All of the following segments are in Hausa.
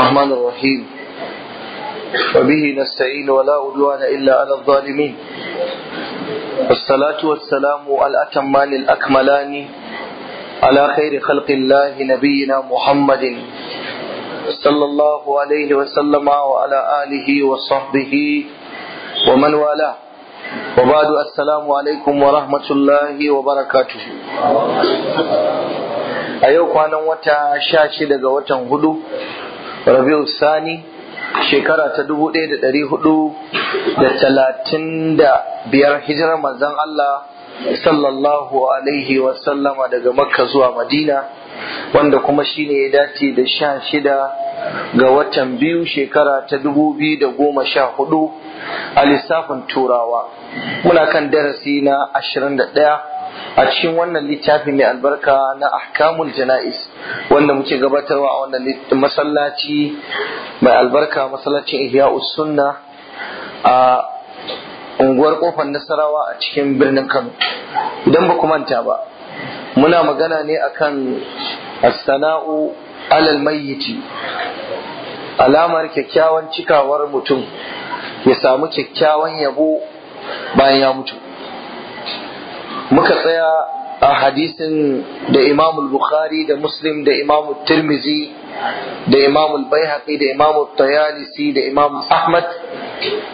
الرحمن الرحيم وبه نستعين ولا أدوان إلا على الظالمين والصلاة والسلام الأتمان الأكملان على خير خلق الله نبينا محمد صلى الله عليه وسلم وعلى آله وصحبه ومن والاه وبعد السلام عليكم ورحمة الله وبركاته أيوة أنا وتا شاشة دقوة هدو rabi'u sani shekara ta dubu ɗaya da ɗari hudu da talatin da biyar hijirar manzon Allah sallallahu alaihi wasallama daga makka zuwa madina wanda kuma shine ya dace da sha shida ga watan biyu shekara ta dubu biyu da goma sha hudu a lissafin turawa muna kan darasi na ashirin da ɗaya a cikin wannan littafi mai albarka na ahkamul jana'is wanda muke gabatarwa a wannan masallaci mai albarka masallacin ihya'us sunna a unguwar kofar nasarawa a cikin birnin kano idan ba ku manta ba muna magana ne akan as-sana'u alal mayyiti alamar kyakkyawan cikawar mutum ya samu kyakkyawan yabo bayan ya mutu muka tsaya a hadisin da imam bukhari da muslim da imam tirmizi da imam bayhaqi da imam tayalisi da imam ahmad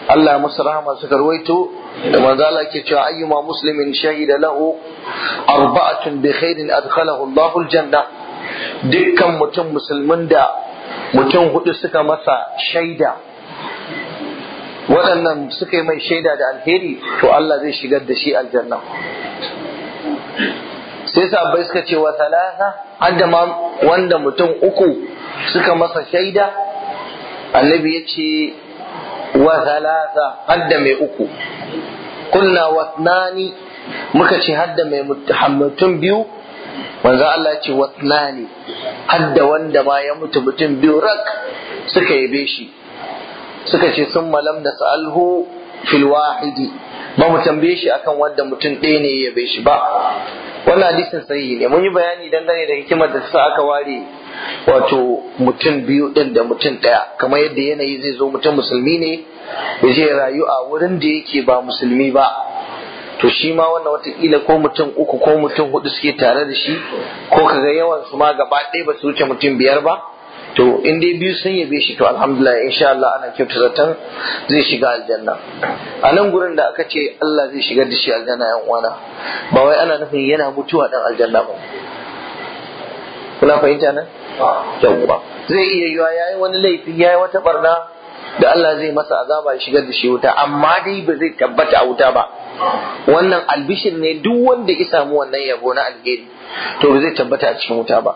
Allah musu rahama suka ruwaito da manzo Allah ke cewa ayyuma muslimin shahida lahu arba'atun bi khairin adkhalahu Allahu aljanna dukkan mutum musulmin da mutum hudu suka masa shaida waɗannan suka yi mai shaida da alheri to Allah zai shigar da shi aljanna sai sahabbai suka ce wa talata hadda ma wanda mutum uku suka masa shaida annabi ya ce wa talata hadda mai uku kunna ne muka ce hadda mai mutum biyu manzo Allah ce ne hadda wanda ma ya mutu mutum biyu rak suka yabe shi suka ce sun malam da sa'alhu fil wahidi ba mu tambaye shi akan wanda mutum ɗaya ne ya bai shi ba wannan hadisin sahihi ne mun yi bayani dangane da hikimar da sa aka ware wato mutum biyu ɗin da mutum ɗaya kamar yadda yanayi zai zo mutum musulmi ne ya je rayu a wurin da yake ba musulmi ba to shi ma wannan watakila ko mutum uku ko mutum hudu suke tare da shi ko kaga yawan su ma gaba ɗaya ba su wuce mutum biyar ba to in dai biyu sun yabe shi to alhamdulillah insha Allah ana kyauta zaton zai shiga aljanna a nan gurin da aka ce Allah zai shigar da shi aljanna yan uwana ba wai ana nufin yana mutuwa dan aljanna ba kuna fahimta nan yawwa zai iya yiwa yayi wani laifi yayi wata barna da Allah zai masa azaba ya shigar da shi wuta amma dai ba zai tabbata a wuta ba wannan albishin ne duk wanda ya samu wannan yabo na alheri to ba zai tabbata a cikin wuta ba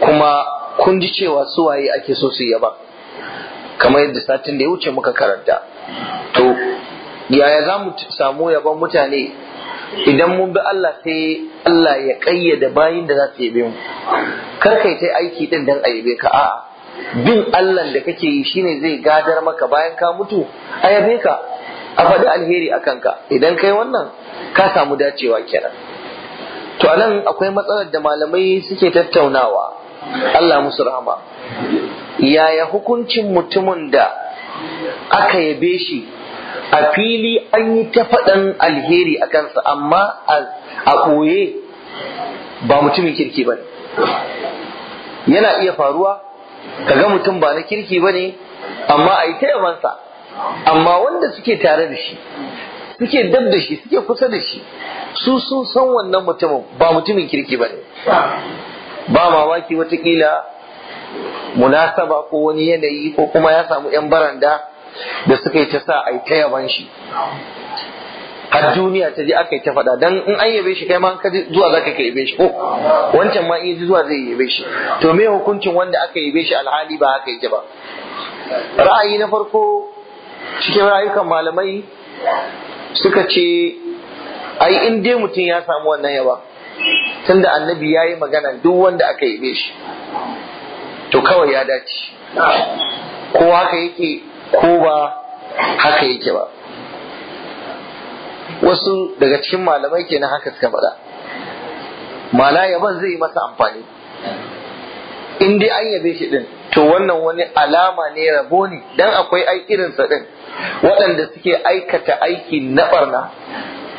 kuma kun ji cewa su waye ake so su yaba kamar yadda satin da ya wuce muka karanta to yaya za mu samu yaban mutane idan mun bi Allah sai Allah ya kayyada bayin da za su yabe mu kar kai ta aiki din dan a yabe ka a'a bin Allah da kake yi shine zai gadar maka bayan ka mutu a yabe ka a faɗi alheri a ka, idan kai wannan ka samu dacewa kenan to anan akwai matsalar da malamai suke tattaunawa Allah musu rahama yaya hukuncin mutumin da aka yabe shi a fili an yi ta faɗan alheri a kansa amma a ɓoye ba mutumin kirki ba yana iya faruwa kaga mutum ba na kirki ba ne amma a yi ta yabansa amma wanda suke tare da shi suke dab da shi suke kusa da shi su sun san wannan mutumin ba mutumin kirki ba ne ba mamaki watakila munasaba ko wani yanayi ko kuma ya samu 'yan baranda da suka yi ta sa a yi ta yaban shi har duniya ta je aka yi ta faɗa dan in an yabe shi kai ma ka zuwa zaka ka yabe shi ko wancan ma in zuwa zai yabe shi to me hukuncin wanda aka yabe shi alhali ba haka yake ba ra'ayi na farko cikin rayukan malamai suka ce ai in dai mutum ya samu wannan yaba tunda annabi ya yi magana duk wanda aka yi shi to kawai ya dace ko haka yake ko ba haka yake ba wasu daga cikin malamai ke na haka suka faɗa mala yaban zai yi masa amfani in dai an yabe shi ɗin to wannan wani alama ne rabo ne dan akwai ai irinsa ɗin. waɗanda suke aikata aiki na ɓarna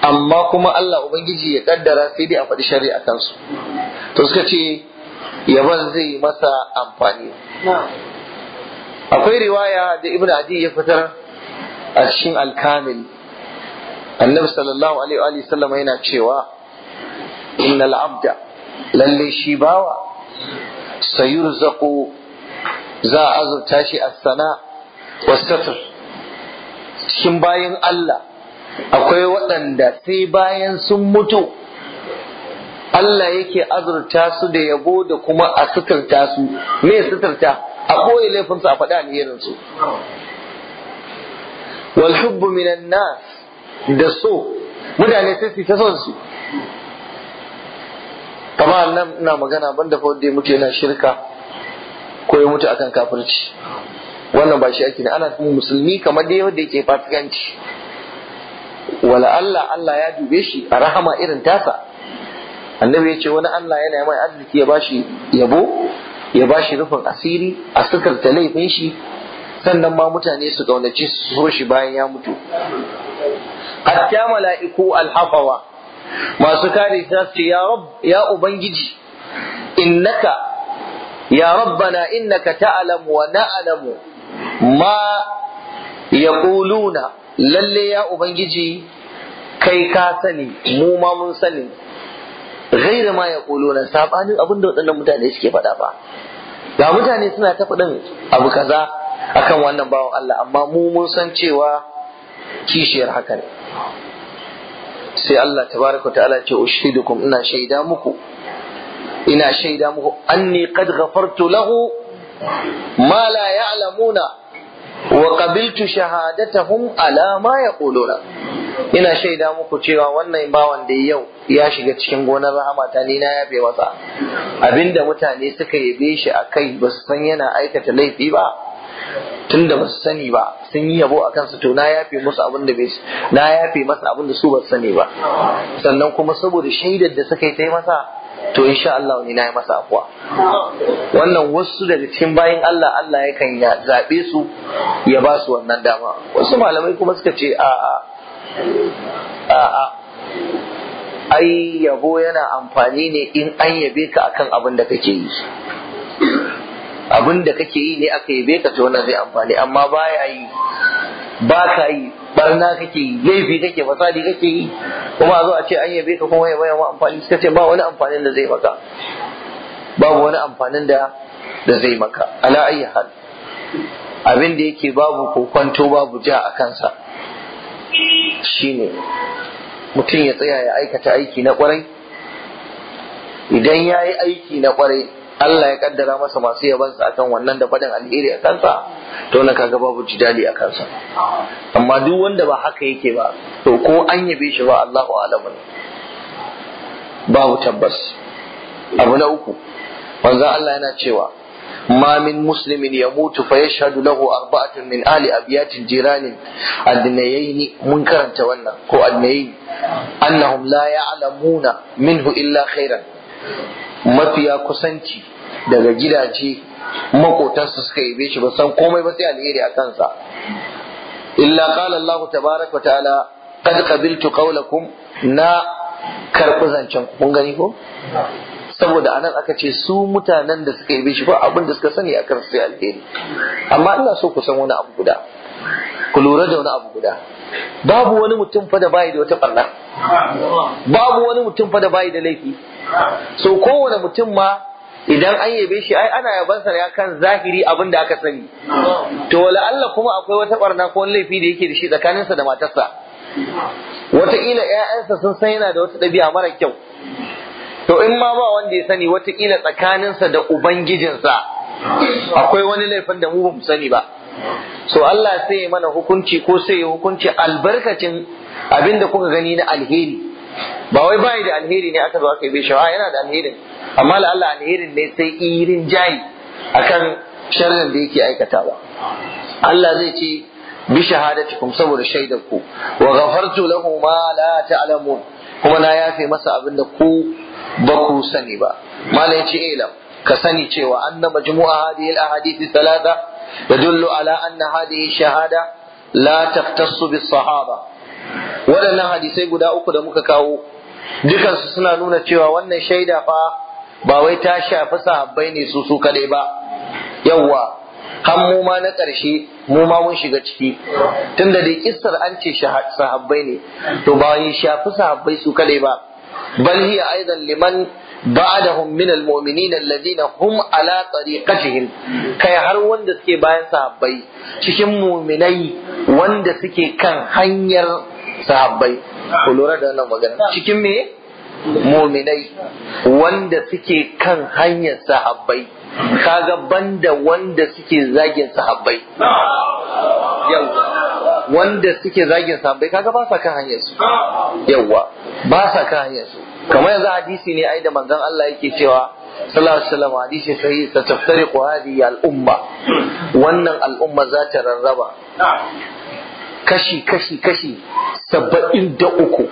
amma kuma Allah Ubangiji ya ƙaddara sai dai a faɗi shari'a kansu to suka ce yaban zai masa amfani akwai riwaya da Ibn Adi ya fitar a cikin alkamil annabi sallallahu alaihi wa sallam yana cewa innal abda lalle shi bawa sayurzaqu za a azurta shi as-sana wa satr cikin bayan Allah akwai waɗanda sai bayan sun mutu Allah yake azurta su da yabo da kuma a suturta su me suturta a ɓoye laifinsu a faɗa alherinsu walhubbu minan nas da so mutane sai su ta son su kamar nan ina magana banda fa wanda ya mutu yana shirka ko ya mutu akan kafirci wannan ba shi ake ne ana kuma musulmi kamar dai wanda yake fasikanci wala Allah Allah ya dube shi a rahama irin tasa annabi ya ce wani Allah yana mai arziki ya bashi yabo ya bashi rufin asiri a ta laifin shi sannan ma mutane su kaunace su so shi bayan ya mutu hatta mala'iku alhafawa masu kare ta ce ya rab ya ubangiji innaka ya rabbana innaka ta'lamu wa na'lamu ma yaquluna lalle ya ubangiji kai ka sani mu ma mun sani gaira ma yaquluna sabanin abin da waɗannan mutane suke faɗa ba ga mutane suna ta faɗin abu kaza akan wannan bawan Allah amma mu mun san cewa kishiyar haka ne sai Allah tabaraka ta'ala ce ushidukum ina shaida muku ina shaida muku anni qad ghafartu lahu ma la ya'lamuna wa qabiltu shahadatahum ala ma yaquluna ina shaida muku cewa wannan bawan da yau ya shiga cikin gonar rahama ta ni na yabe masa abinda mutane suka yabe shi akai ba su san yana aikata laifi ba tunda ba su sani ba sun yi yabo a kansu to na yafe musu abin da bai na yafe masa abin su ba su sani ba sannan kuma saboda shaidar da suka yi ta masa to insha Allah ni yi masa afuwa wannan wasu daga cikin bayan Allah Allah yakan ya zabe su ya ba su wannan dama wasu malamai kuma suka ce a a a ai yabo yana amfani ne in an yabe ka akan abin da kake yi abin da kake yi ne aka yabe ka to wannan zai amfani amma ba ya yi ba ka yi barna kake yi laifi kake fasadi kake yi kuma a zo a ce an yabe ka kuma ya bayan amfani suka ce ba wani amfanin da zai maka babu wani amfanin da da zai maka ala ayyi hal abin da yake babu kokwanto babu ja a kansa shine mutum ya tsaya ya aikata aiki na kwarai idan ya yi aiki na kwarai Allah ya kaddara masa masu yabansa a kan wannan da faɗin alheri a kansa to na kaga babu jidali a kansa amma duk wanda ba haka yake ba to ko an yabe shi ba Allahu alamu babu tabbas abu na uku manzon Allah yana cewa ma min muslimin yamutu fa yashhadu lahu arba'atun min ali abyatin jiranin adnayayn mun karanta wannan ko adnayayn annahum la min minhu illa khairan mafiya kusanci daga gidaje makotansu suka yi shi ba san komai ba sai alheri a kansa illa qala Allah tabaaraka wa ta'ala qad qabiltu qawlakum na karɓi zancen kun gani ko saboda anan aka ce su mutanen da suka yi shi ba abin da suka sani akan sai alheri amma ina so ku san wani abu guda ku lura da wani abu guda babu wani mutum fa da bayi da wata barna babu wani mutum fa da bayi da laifi so kowane mutum ma idan an yabe shi ai ana sa ya kan zahiri abin da aka sani to wala Allah kuma akwai wata barna ko laifi da yake da shi tsakaninsa da matarsa wataƙila ‘ya'yansa sun san yana da wata ɗabi'a mara kyau to in ma ba wanda ya sani wataƙila tsakaninsa da ubangijinsa akwai wani laifin da mu ba mu sani ba so Allah sai ya mana hukunci ko sai ya hukunci albarkacin abin da kuka gani na alheri ba wai bai da alheri ne aka zo aka yi bai yana da alherin amma la Allah alherin ne sai irin jayi akan sharrin da yake aikatawa Allah zai ce bi shahadatikum saboda shaidar ku wa ghafartu lahu ma la ta'lamun kuma na yafe masa abin da ku ba ku sani ba malai ce ilam eh, ka sani cewa anna majmu'a hadhihi al-ahadith thalatha tadullu ala anna hadhihi shahada la taftassu bis sahaba waɗannan hadisai guda uku da muka kawo dukansu suna nuna cewa wannan shaida fa ba wai ta shafi sahabbai ne su su kadai ba yawwa har mu ma na ƙarshe mu ma mun shiga ciki tunda dai kissar an ce sahabbai ne to ba wai shafi sahabbai su kadai ba bal hiya aidan liman ba'dahum min almu'minin alladhina hum ala tariqatihim kai har wanda suke bayan sahabbai cikin mu'minai wanda suke kan hanyar sahabbai ku lura da wannan magana cikin me mominai wanda suke kan hanyar sahabbai kaga banda wanda suke zagin sahabbai wanda suke zagin sahabbai kaga ba sa kan hanyar su yawa ba sa kan hanyar su kamar yanzu hadisi ne ai da manzon Allah yake cewa sallallahu alaihi wasallam hadisi sai ta taftariqu hadhihi al-umma wannan al'umma za ta rarraba kashi kashi kashi saba'in da uku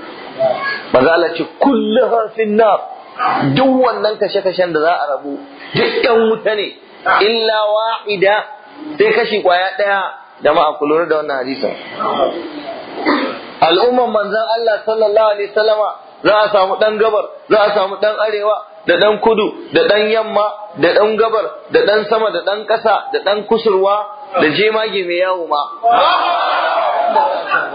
Mazalaci ce kullu kulluha finnar duk wannan kashe-kashen da za a rabu duk ɗan wuta ne illa wa'ida sai kashi kwaya ɗaya da ma da wannan hadisin al'umman manzan Allah sallallahu alaihi wasallama za a samu ɗan gabar za a samu ɗan arewa da ɗan kudu da ɗan yamma da ɗan gabar da ɗan sama da ɗan ƙasa da ɗan kusurwa da jemage mai yawo ma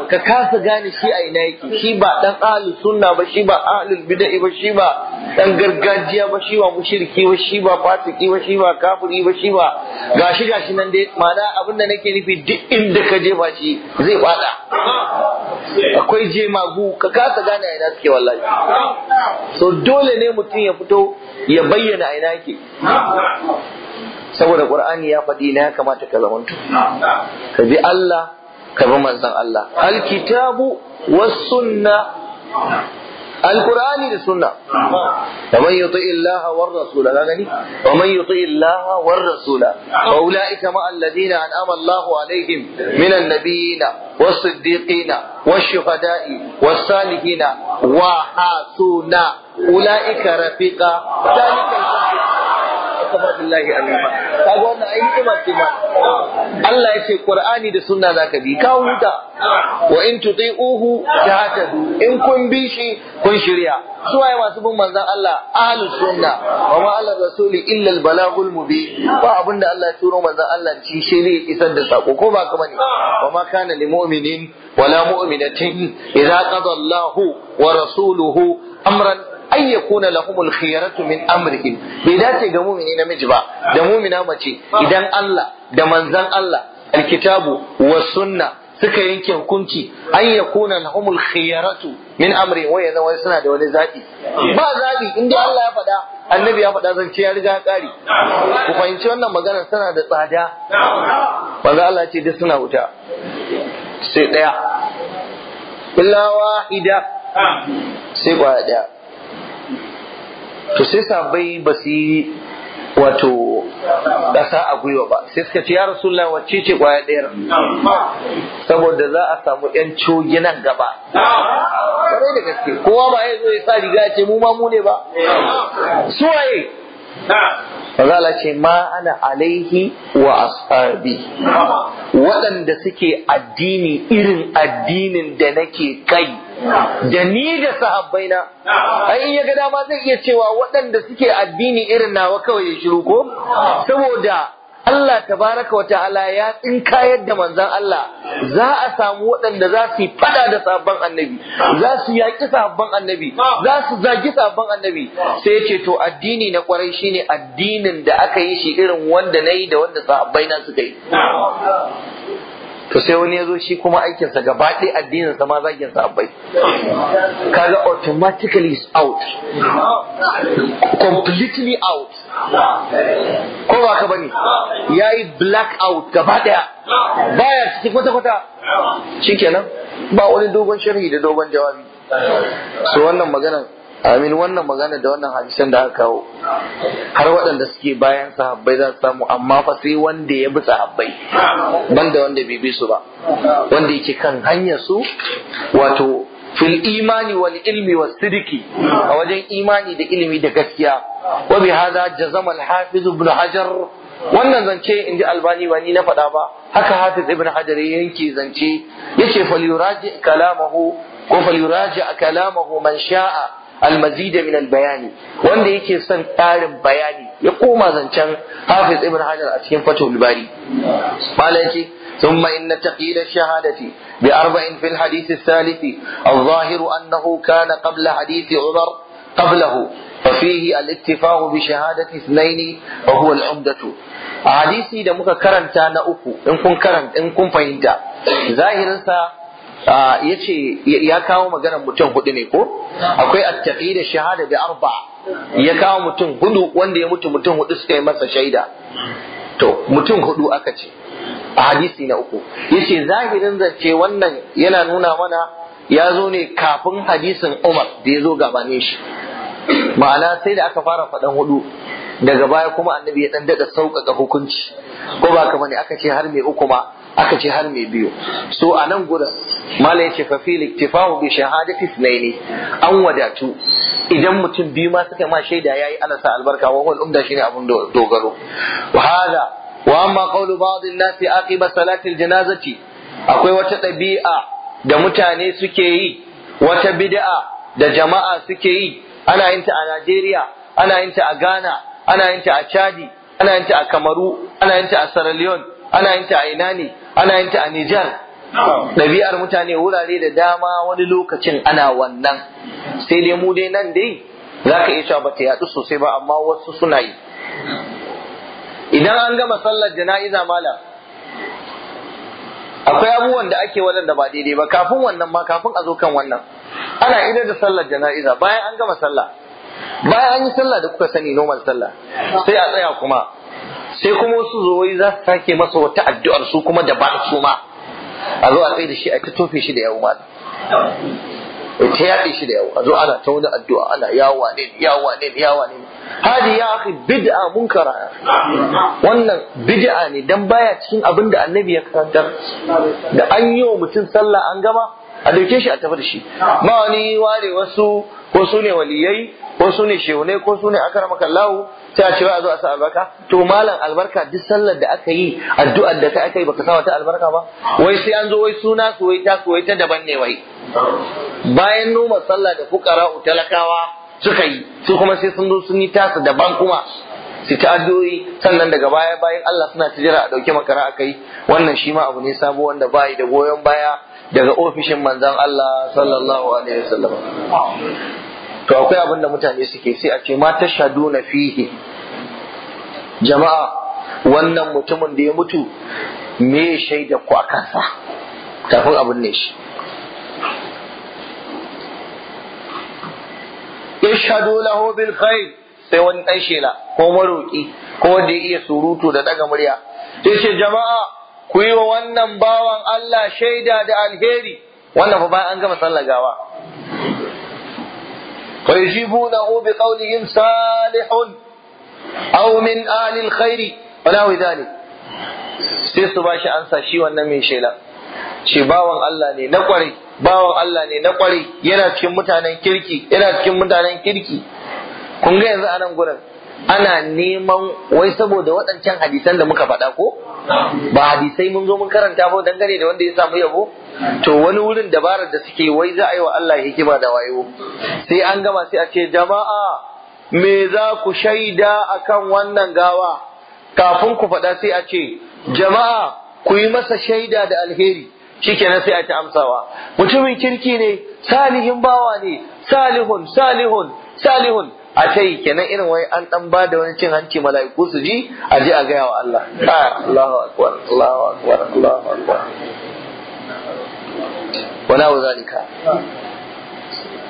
ka kasa gane shi a ina yake shi ba dan ahlus sunna ba shi ba ahlul bid'ah ba shi ba dan gargajiya ba shi ba mushriki ba shi ba fasiki ba shi ba kafiri ba shi ba gashi gashi nan dai ma'ana abin da nake nufi duk inda ka jefa shi zai fada akwai jemagu ka kasa gane a ina suke wallahi so dole ne mutum ya fito ya bayyana a ina yake saboda qur'ani ya faɗi na ya kamata ka zamanto ka bi Allah ka bi manzon Allah alkitabu was sunna alqur'ani da sunna wa man yuti illaha war rasula ga gani wa man yuti illaha war rasula fa ulaika ma an an'ama Allahu alaihim min annabiyina wasu siddiqina was shuhada'i wasu salihina wa hasuna ulaika rafiqa dalika kafa billahi azima kaga wannan ai ce ma Allah ya ce Qur'ani da sunna zaka bi ka huta wa in tuti'uhu tahtadu in kun bi shi kun shirya su waye masu bin manzon Allah ahlus sunna wa ma ala rasuli illa al balagul mubin ba abinda Allah ya turo manzon Allah shi shirye isar da sako ko ba kuma ne wa ma kana lil mu'minin wala mu'minatin idza qada wa rasuluhu amran An yakuna lahumul khiyaratu min amrihim bai dace ga mumini namiji ba da mumina mace idan Allah da manzan Allah alkitabu wa sunna suka yanke hukunci an yakuna lahumul khiyaratu min amri wa ya zama suna da wani zabi ba zabi inda Allah ya faɗa annabi ya faɗa zance ya riga ya ƙari ku fahimci wannan magana suna da tsada manzo Allah ce duk suna wuta sai ɗaya illa wahida sai ba ɗaya to sai sabai ba su yi wato ƙasa a gwiwa ba sai suka ce ya rasu wacce ce kwaya ɗayar saboda za a samu yan cogi nan gaba ƙwarai da gaske kowa ba ya zo ya sa riga ya ce mu ma mu ne ba suwaye fazala ce ma ana alaihi wa ashabi waɗanda suke addini irin addinin da nake kai da ni da sahabbai na ai in ya ga dama zai iya cewa waɗanda suke addini irin nawa kawai ya shiru ko saboda Allah Ta baraka wa ta'ala ya tsinka yadda manzan Allah za a samu waɗanda za su yi fada da sabon annabi za su yaƙi sabon annabi za su zagi sabon annabi sai ya ce to addini na kwarai shine addinin da aka yi shi irin wanda na yi da wanda sahabbai na suka yi to sai wani ya zo shi kuma aikinsa gaba ɗaya addinin sa ma zagin sa abai kaga automatically is out completely out ko ba ka bane yayi black out gaba ɗaya baya cikin kwata kwata shikenan ba wani dogon sharhi da dogon jawabi so wannan maganan amin wannan magana da wannan hadisan da aka kawo har waɗanda suke bayan sahabbai za su samu amma fa sai wanda ya bi sahabbai banda wanda bai bi su ba wanda yake kan hanyar su wato fil imani wal ilmi was sidiki a wajen imani da ilimi da gaskiya wa bi al hafiz ibn hajar wannan zance inji albani ba ni na faɗa ba haka hafiz ibn hajar yanke zance yace falyuraji kalamahu ko falyuraji kalamahu man sha'a al-mazid min al-bayani wanda yake son ƙarin bayani ya koma zancen hafiz ibn hajar a cikin fatul bari mala yace ثم إن تقييد الشهادة بأربع في الحديث الثالث الظاهر أنه كان قبل حديث عمر قبله ففيه الاتفاق بشهادة اثنين وهو العمدة حديثي da muka karanta na uku in kun karanta in kun fahimta zahirinsa yace ya kawo maganar mutum hudu ne ko akwai at shahada bi arba'a ya kawo mutum hudu wanda ya mutu mutum hudu suka yi masa shaida to mutum hudu aka ce a hadisi na uku Ya ce zahirin zance wannan yana nuna mana ya zo ne kafin hadisin Umar da ya zo gabane shi ma'ana sai da aka fara faɗan hudu daga baya kuma annabi ya ɗan daɗa sauƙaƙa hukunci ko ba kamar ne aka ce har mai uku ma aka ce har mai biyu so a nan gudan mala ya ce fa fil iktifahu bi shahadati ithnaini an wadatu idan mutum biyu ma suka ma shaida yayi ana sa albarka wa wal umda shine abun dogaro wa hada wa amma qawlu ba'd an-nasi aqiba salati al-janazati akwai wata ɗabi'a da mutane suke yi wata bida'a da jama'a suke yi ana yin ta a Najeriya ana yin ta a Ghana ana yin ta a Chadi ana yin ta a Kamaru ana yin ta a Sierra ana yin ta a ina ne ana yin ta a Nijar ɗabi'ar mutane wurare da dama wani lokacin ana wannan sai dai mu dai nan dai za ka iya cewa ba ta yaɗu sosai ba amma wasu suna yi idan an gama sallar jana'iza malam akwai abubuwan da ake da ba daidai ba kafin wannan ma kafin a zo kan wannan ana idar da sallar jana'iza bayan an gama sallah bayan an yi sallah da kuka sani normal sallah sai a tsaya kuma sai kuma wasu zuwai za su sake masa wata addu'ar su kuma da ba su ma a zo a tsaye da shi a ta tofe shi da yawo ma ta yaɗe shi da yawo a zo ana ta wani addu'a ana yawa ne yawa ne yawa ne hadi ya akhi bid'a munkara wannan bid'a ne dan baya cikin abin da annabi ya karantar da an yi wa mutum sallah an gama a dauke shi a tafi da shi ba wani ware wasu ko su ne waliyai ko su ne shehunai ko su ne akar makallahu sai a ce a zo a sa albarka to malam albarka duk sallar da aka yi addu'ar da ta aka yi baka sa wata albarka ba wai sai an zo wai suna su wai ta su wai ta daban ne wai bayan noma sallah da fukara talakawa suka yi su kuma sai sun zo sun yi su daban kuma su ta addu'o'i sannan daga baya bayan Allah suna tijira a dauke makara yi wannan shi ma abu ne sabo wanda bai da goyon baya daga ofishin manzon Allah sallallahu alaihi wasallam to akwai abin da mutane suke sai a ce ma na fihi jama'a wannan mutumin da ya mutu me shaida ku a kansa kafin abin ne shi ishhadu lahu bil khair sai wani dan shela ko maroki ko wanda ya iya surutu da ɗaga murya ce jama'a ku yi wa wannan bawan Allah shaida da alheri wannan fa bayan an gama sallah gawa ويجيبونه بقولهم صالح أو من أهل الخير ونحو ذلك sai su ba shi ansa shi wannan mai shela shi bawan Allah ne na kwarai bawan Allah ne na kwarai yana cikin mutanen kirki yana cikin mutanen kirki kun ga yanzu a nan gurin ana neman wai saboda waɗancan hadisan da muka faɗa ko ba hadisai mun zo mun karanta ba dangane da wanda ya samu yabo to wani wurin dabarar da suke wai za a yi wa Allah hikima da wayo sai an gama sai a ce jama'a me za ku shaida akan wannan gawa kafin ku faɗa sai a ce jama'a ku yi masa shaida da alheri shikenan sai a ta amsawa mutumin kirki ne salihin bawa ne salihun salihun salihun a ta yi kenan irin wai an dan ba da wani cin hanci mala'iku su ji a a gaya wa Allah Allahu akbar Allahu akbar Allahu akbar wala wa zalika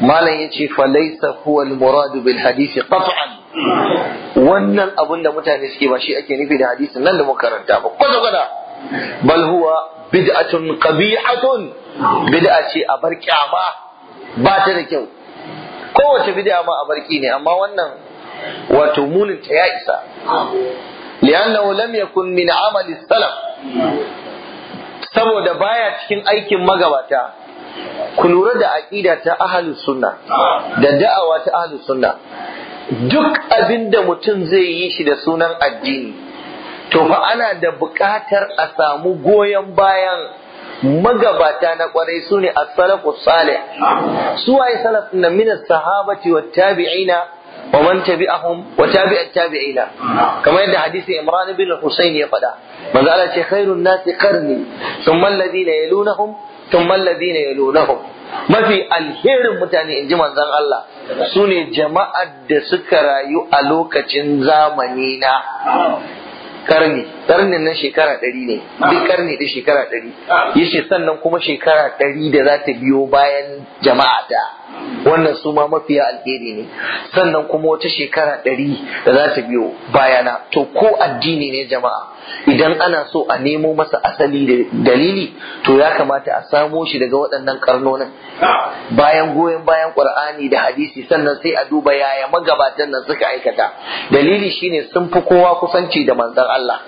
malam yace fa laysa huwa al bil hadith qat'an wannan abun da mutane suke ba shi ake nufi da hadisin nan da muka karanta ba kwata kwata bal huwa bid'atun qabihatun bid'a ce a bar kyama ba ta da kyau kowace bid'a ma abarki ne amma wannan wato munin ta ya isa li'annahu lam yakun min amali salaf saboda baya cikin aikin magabata ku lura da aqida ta ahli sunna da da'awa ta ahli sunna duk abinda mutum zai yi shi da sunan addini to fa ana da buƙatar a samu goyon bayan magabata na kwarai su ne as-salafu salih su waye salaf na min as-sahabati wa tabi'ina wa man tabi'ahum wa tabi'at tabi'ina kamar yadda hadisi Imran bin Husayn ya faɗa manzo Allah ce khairun nasi qarni thumma alladhina yalunahum thumma alladhina yalunahum mafi alherin mutane inji manzan Allah su ne jama'ar da suka rayu a lokacin zamani na karni karnin nan shekara ɗari ne duk karni da shekara ɗari ah. yace sannan kuma shekara ɗari da za ta biyo bayan jama'a da wannan su ma mafiya alheri ne sannan kuma wata shekara ɗari da za ta biyo bayana to ko addini ne jama'a idan ana so a nemo masa asali da dalili to ya kamata a samo shi daga waɗannan karnonin bayan goyon bayan ƙur'ani da hadisi sannan sai a duba yaya magabatan nan suka aikata dalili shine sun fi kowa kusanci da manzon Allah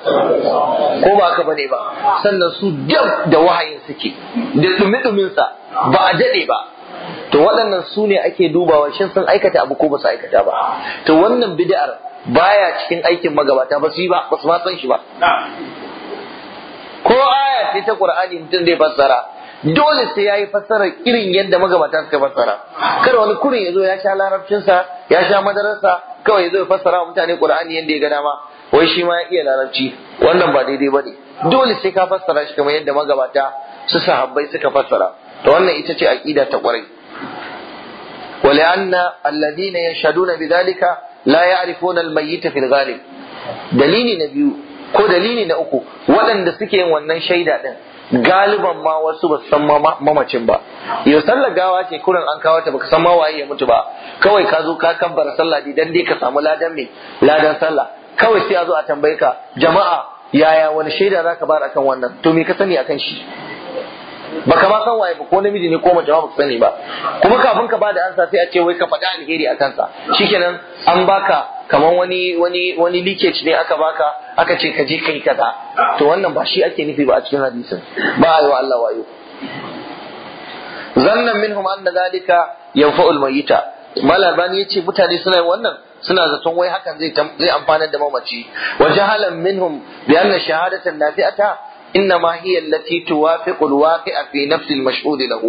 ko ba haka bane ba sannan su dab da wahayin suke da dumi-duminsa ba a daɗe ba to waɗannan su ne ake dubawa shin sun aikata abu ko ba su aikata ba to wannan bid'ar baya cikin aikin magabata ba su yi ba ba su ma san shi ba ko aya ce ta qur'ani mutum zai fassara dole sai yayi fassara irin yadda magabata suka fassara kada wani kurin yazo ya sha larabcin sa ya sha madarasa kawai yazo ya fassara wa mutane qur'ani yadda ya ga dama wai shi ma ya iya larabci wannan ba daidai bane dole sai ka fassara shi kamar yadda magabata su sahabbai suka fassara to wannan ita ce aqida ta kwarai ولأن الذين يشهدون بذلك لا يعرفون الميت في الغالب دليلي نبي ko dalili na uku waɗanda suke yin wannan shaida ɗin galiban ma wasu ba san mamacin ba yau sallar gawa ce kurin an kawo ta baka san ma waye ya mutu ba kawai ka zo ka kabbara sallah dan dai ka samu ladan me ladan sallah kawai sai a zo a tambaye ka jama'a yaya wani shaida zaka bar akan wannan to me ka sani akan shi ba ma san waye ba ko namiji ne ko mace ba baka sani ba kuma kafin ka bada ansa sai a ce wai ka faɗi alheri a kansa shikenan an baka kamar wani wani wani leakage ne aka baka aka ce ka je kai kaza to wannan ba shi ake nufi ba a cikin hadisin ba ayo Allah wayo zannan minhum anna zalika yanfa'ul mayyita malabani yace mutane suna yin wannan suna zaton wai hakan zai zai amfanar da mamaci wa jahalan minhum bi anna shahadatan nafi'ata إنما هي التي توافق الواقع في نفس المشهود له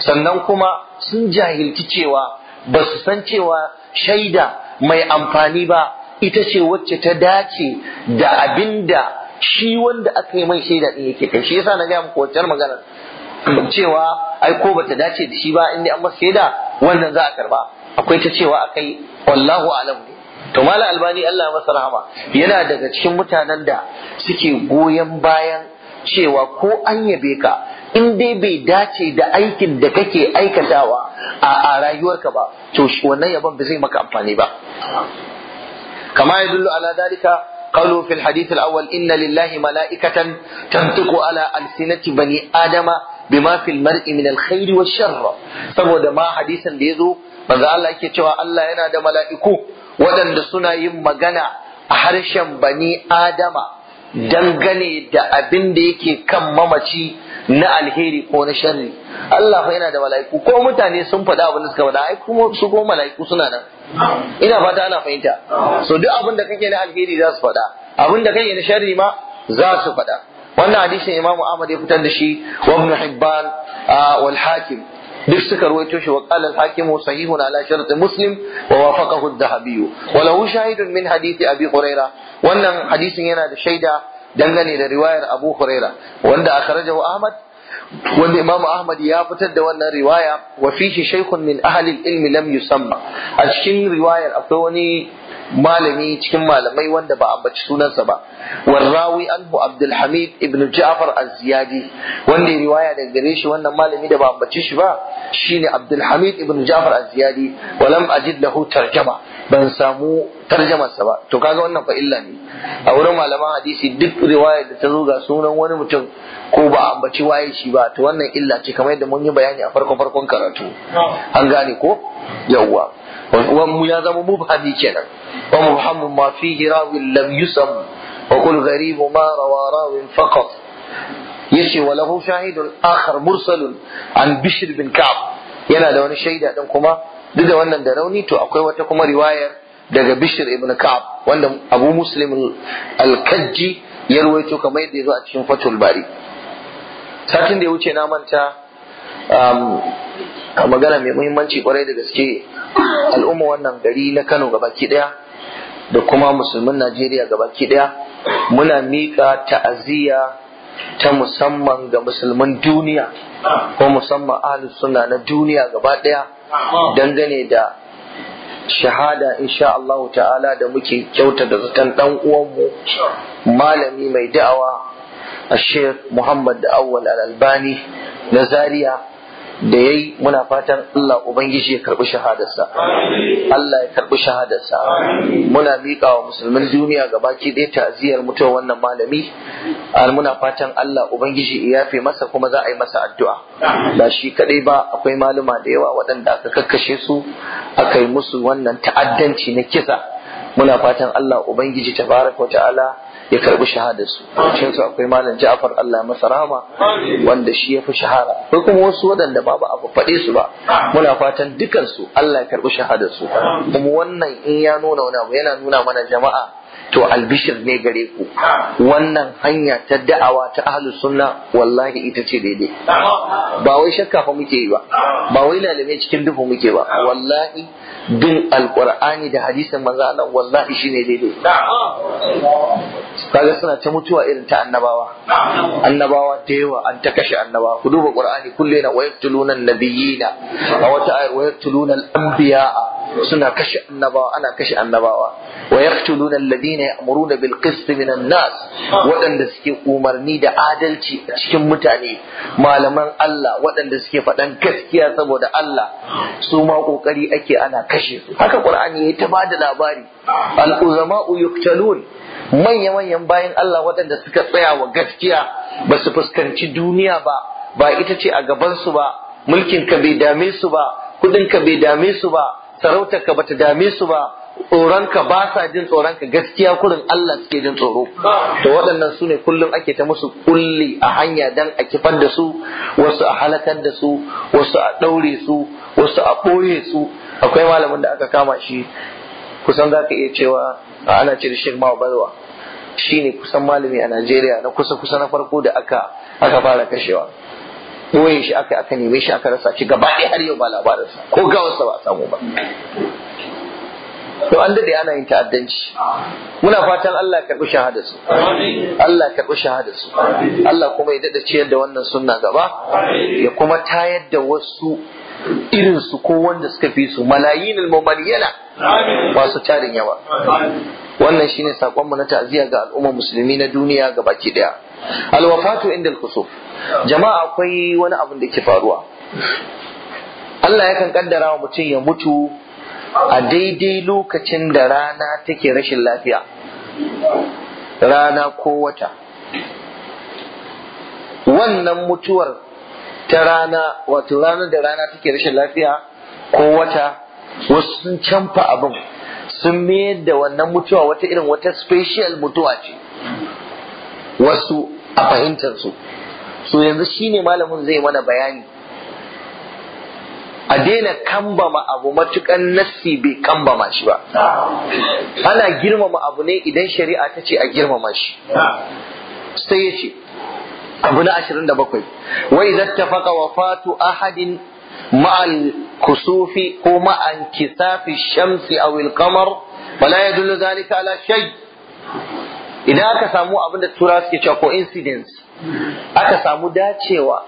sannan kuma sun jahilci cewa ba su san cewa shaida mai amfani ba ita ce wacce ta dace da abinda shi wanda aka yi mai shaida ɗin yake kai shi yasa na gaya muku wancan maganar cewa ai ko bata dace da shi ba inda an masa shaida wannan za a karba akwai ta cewa akai wallahu alam ne to mala albani Allah masa rahama yana daga cikin mutanen da suke goyon bayan cewa ko an yabe ka in dai bai dace da aikin da kake aikatawa a rayuwarka ba to wannan yabon ba zai maka amfani ba kama ya dullu ala dalika قالوا في الحديث الأول 'Inna lillahi mala'ikatan, تنطق على ألسنة بني آدم بما في المرء من الخير والشر saboda ma hadisin da yazo manzo Allah yake cewa Allah yana da mala'iku waɗanda suna yin magana a harshen bani Adama dangane da abin da yake kan mamaci na alheri ko na sharri Allah fa yana da mala'iku ko mutane sun faɗa abin da suka faɗa ai kuma su ko mala'iku suna nan ina fata ana fahimta so duk abin da kake na alheri za su faɗa abin da kake na sharri ma za su faɗa wannan hadisin Imam Ahmad ya fitar da shi wa Ibn Hibban ah, wal Hakim duk suka ruwaito shi wa qala al-hakim sahihun ala shart muslim wa wafaqahu ad-dhahabi wa lahu shahidun min hadisi abi huraira wannan hadisin yana da shaida dangane da riwayar abu huraira wanda akhrajahu ahmad wanda imamu ahmad ya fitar da wannan riwaya wa fihi shaykhun min ahli al-ilm lam yusamma a cikin riwayar akwai wani malami cikin malamai wanda ba ambaci sunansa ba warrawi anhu abdulhamid ibn ja'far az-ziyadi wanda riwaya daga gare shi wannan malami da ba ambaci shi ba shine abdulhamid ibn ja'far az-ziyadi walam ajid lahu tarjama ban samu tarjamarsa ba to kaga wannan fa illa ne a wurin malaman hadisi duk riwaya da ta zo ga sunan wani mutum ko ba ambaci waye shi ba to wannan illa ce kamar yadda mun yi bayani a farko farkon karatu an gane ko yawwa wa mu ya zama mubhami kenan wa mubhamun ma fihi rawin lam yusam wa kul gharibu ma rawa rawin faqat yace wa lahu shahidun akhar mursalun an bishr bin ka'ab yana da wani shaida din kuma duk da wannan da rauni to akwai wata kuma riwayar daga bishir ibn ka'ab wanda abu muslim al-kajji ya ruwaito kamar yadda ya zo a cikin fatul bari satin da ya wuce na manta um, a magana mai muhimmanci kwarai da gaske al'umma wannan gari na Kano gabaki daya da kuma musulmin Najeriya gabaki daya muna miƙa ta'aziyya ta musamman ga Musulmin duniya ko musamman ahalus suna na duniya gaba daya dangane da shahada insha Allah ta'ala da muke kyauta da zaton dan uwanmu malami mai da'awa الشيخ محمد أول الألباني نزاريا da ya yi muna fatan Allah Ubangiji ya karɓi shahadarsa. Allah ya karɓi shahadarsa. Muna miƙa wa musulmin duniya ga baki ɗaya ta'aziyar mutuwar wannan malami. Muna fatan Allah Ubangiji ya yafe masa kuma za a yi masa addu'a. Ba shi kaɗai ba akwai malama da yawa waɗanda aka kakkashe su aka yi musu wannan ta'addanci na kisa. Muna fatan Allah Ubangiji tabaraka wa ya karbi shahada su cikin su akwai malam Ja'far Allah ya masa rahama wanda shi ya fi shahara Ko kuma wasu wadanda ba ba a faɗe su ba muna fatan dukan su Allah ya karbi shahada su kuma wannan in ya nuna wani abu yana nuna mana jama'a to albishir ne gare ku wannan hanya ta da'awa ta ahlu sunna wallahi ita ce daidai ba wai shakka fa muke yi ba ba wai lalame cikin duhu muke ba wallahi bin alqur'ani da hadisin manzo Allah wallahi shine daidai kaga suna ta mutuwa irin ta annabawa annabawa ta yawa an ta kashe annabawa ku duba qur'ani kulle na wayaqtuluna nabiyina a wata ayar wayaqtuluna al-anbiya'a suna kashe annabawa ana kashe annabawa wa yaqtuluna alladhina ya'muruna bil qist minan nas waɗanda suke umarni da adalci a cikin mutane malaman Allah waɗanda suke faɗan gaskiya saboda Allah su ma kokari ake ana kashe su haka Qur'ani ya ta bada labari al-uzama'u yuqtalun manya-manyan bayan Allah waɗanda suka tsaya wa gaskiya ba su fuskanci duniya ba ba ita ce a gabansu ba mulkin ka bai dame su ba kudin ka bai dame su ba sarautarka bata dame su ba tsoronka ba sa jin tsoronka gaskiya kurin Allah suke jin tsoro to waɗannan su ne kullum ake ta musu kulli a hanya dan a kifar da su wasu a halakar da su wasu a ɗaure su wasu a ɓoye su akwai malamin da aka kama shi kusan za ka iya cewa ana cire shi ma balwa Shi ne kusan malami a Najeriya na kusa kusa na farko da aka aka fara kashewa boye shi aka aka neme shi aka rasa shi gaba ɗaya har yau ba labarinsa ko gawarsa ba a samu ba to an daɗe ana yin ta'addanci muna fatan Allah ya karɓi shahada su Allah ya karɓi shahada su Allah kuma ya daɗa ciyar da wannan sunna gaba ya kuma tayar da wasu irinsu ko wanda suka fi su malayin al-mumaliyana masu tarin yawa wannan shine sakon na ta'aziyya ga al'ummar musulmi na duniya ga baki daya alwafatu inda kusuf jama'a akwai wani abin da ke faruwa Allah yakan kaddara wa mutum ya mutu a daidai lokacin da rana take rashin lafiya rana ko wata wannan mutuwar ta rana wato ranar da rana take rashin lafiya ko wata wasu sun canfa abin sun mayar da wannan mutuwa wata irin wata special mutuwa ce wasu a fahimtar su so yanzu shine malamin zai mana bayani a daina kambama abu matukan nassi bai kambama shi ba ana girmama abu ne idan shari'a ta ce a girmama shi sai ya ce abu na 27 wa idza ittafaqa wafatu ahadin ma'al kusufi ko ma'an kisafi shamsi aw al-qamar wala yadullu zalika ala shai? idan aka samu abin da tura suke cewa ko incidents aka samu dacewa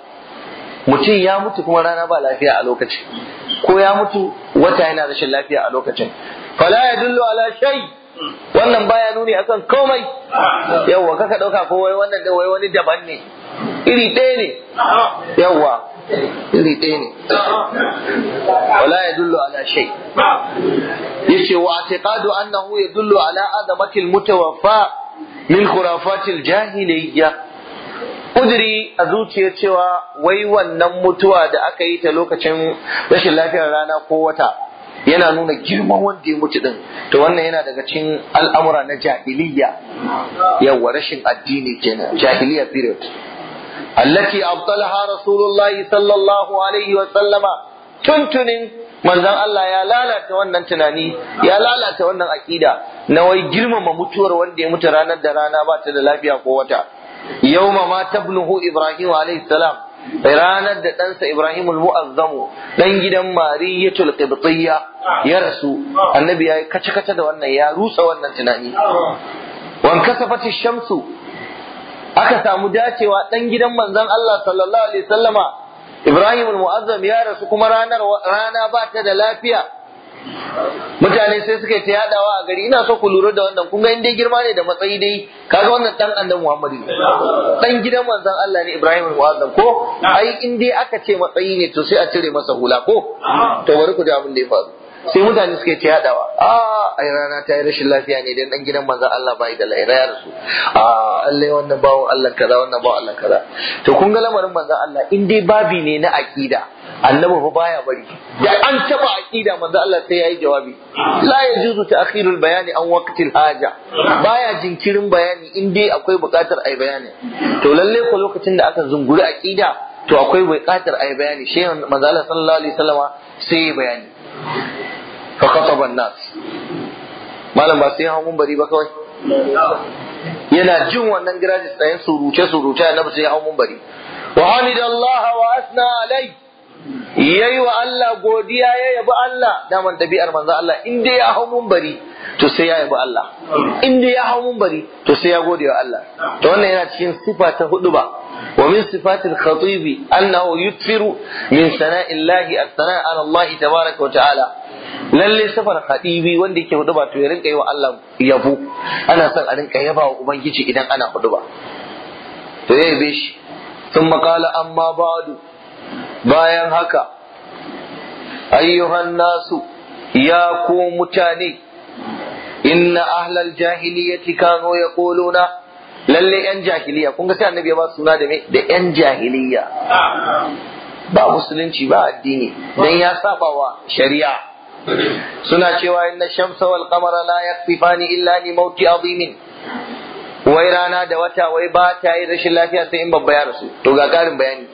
mutum ya mutu kuma rana ba lafiya a lokacin ko ya mutu wata yana rashin lafiya a lokacin fala yadullu ala shai. wannan baya nuni akan komai yawwa kaka dauka ko wai wannan da wai wani daban ne iri ɗaya ne yawwa iri ɗaya ne wala ya dullo ala shai. Ya ce wa i'tiqadu annahu dullo ala azamati almutawaffa min khurafati jahiliya? kudiri a zuciya cewa wai wannan mutuwa da aka yi ta lokacin rashin lafiyar rana ko wata yana nuna girman wanda ya mutu din to wannan yana daga cikin al'amura na jahiliya yawa rashin addini kenan jahiliya period allati abdalaha rasulullahi sallallahu alaihi wa sallama tuntunin manzon Allah ya lalata wannan tunani ya lalata wannan aƙida, na wai girmama mutuwar wanda ya mutu ranar da rana ba ta da lafiya ko wata Yau ma tabnuhu ibrahim alaihi salam ranar da ɗansa Ibrahim al-Mu'azzamu ɗan gidan Mariyatul Qibtiyya ya rasu annabi ya kace kace da wannan ya rusa wannan tunani wan kasafati shamsu aka samu dacewa dan gidan manzon Allah sallallahu alaihi wasallama Ibrahim al-Mu'azzam ya rasu kuma ranar rana ba ta da lafiya mutane sai suka ta yadawa a gari ina so ku lura da wannan kun ga inda girma ne da matsayi dai kaga wannan dan annabi Muhammadu dan gidan manzon Allah ne Ibrahim al-Mu'azzam ko ai in dai aka ce matsayi ne to sai a cire masa hula ko to bari ku ji abin da ya faru sai mutane suka ce yadawa a ai rana ta yi rashin lafiya ne dan dan gidan manzon Allah bai da laira ya rasu a Allah wannan bawo Allah kaza wannan bawo Allah kaza to kun ga lamarin manzon Allah in dai babi ne na aqida annabi fa baya bari da an taba aqida manzon Allah sai yayi jawabi la yajuzu ta'khirul bayani an waqtil haja baya jinkirin bayani in dai akwai buƙatar ai bayani to lalle ko lokacin da aka zunguri aqida to akwai buƙatar ai bayani shehu manzon Allah sallallahu alaihi wasallama sai bayani fa khataban nas malam ba sai hawan bari ba kawai yana jin wannan girajis ɗayan suruce suruce annabi sai hawan bari wa hamidallaha wa asna alai yayi wa Allah godiya ya yabi Allah daman dabi'ar manzo Allah inda ya hau bari to sai ya yabi Allah inda ya hau bari to sai ya gode wa Allah to wannan yana cikin sifa ta hudu ba ومن صفات الخطيب أنه يكثر من ثناء الله الثناء على الله تبارك وتعالى lalle safar khadibi wanda yake huduba to ya rinka yi wa Allah yabo ana son a rinka yaba wa ubangiji idan ana huduba to yayi be shi sun makala amma ba'du bayan haka ayyuhan nasu ya ku mutane inna ahlal jahiliyyati kanu yaquluna lalle yan jahiliya kun ga sai annabi ya ba suna da me da yan jahiliya ba musulunci ba addini dan ya saba wa shari'a suna cewa inna shamsa wal qamara la yaqtifani illa li mawti azimin wai rana da wata wai ba ta yi rashin lafiya sai in babba ya rasu to ga karin bayani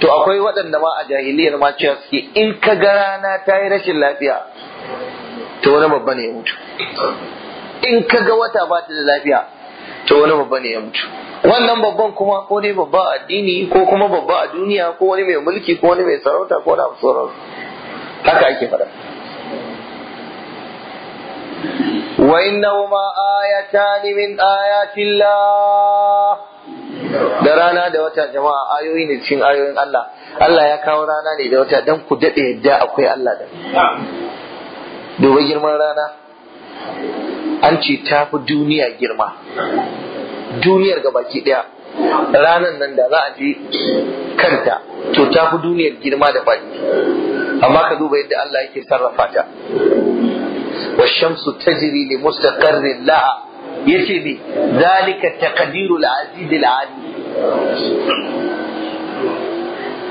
to akwai waɗanda ma a jahiliyar ma cewa suke in ka ga rana ta yi rashin lafiya to wani babba ne ya mutu in ka ga wata ba ta da lafiya to wani babba ne ya mutu wannan babban kuma ko ne babba a addini ko kuma babba a duniya ko wani mai mulki ko wani mai sarauta ko wani abu haka ake faɗa wa innahuma ayatani min ayatillah da rana da wata jama'a ayoyi ne cikin ayoyin Allah Allah ya kawo rana ne da wata dan ku dade yadda akwai Allah da duba girman rana an ce tafi duniya girma duniyar ga baki daya ranan nan da za a je kanta to tafi duniyar girma da baki amma ka duba yadda Allah yake sarrafa ta tajri li والشمس تجري لمستقر لها يتبي ذلك تقدير العزيز العليم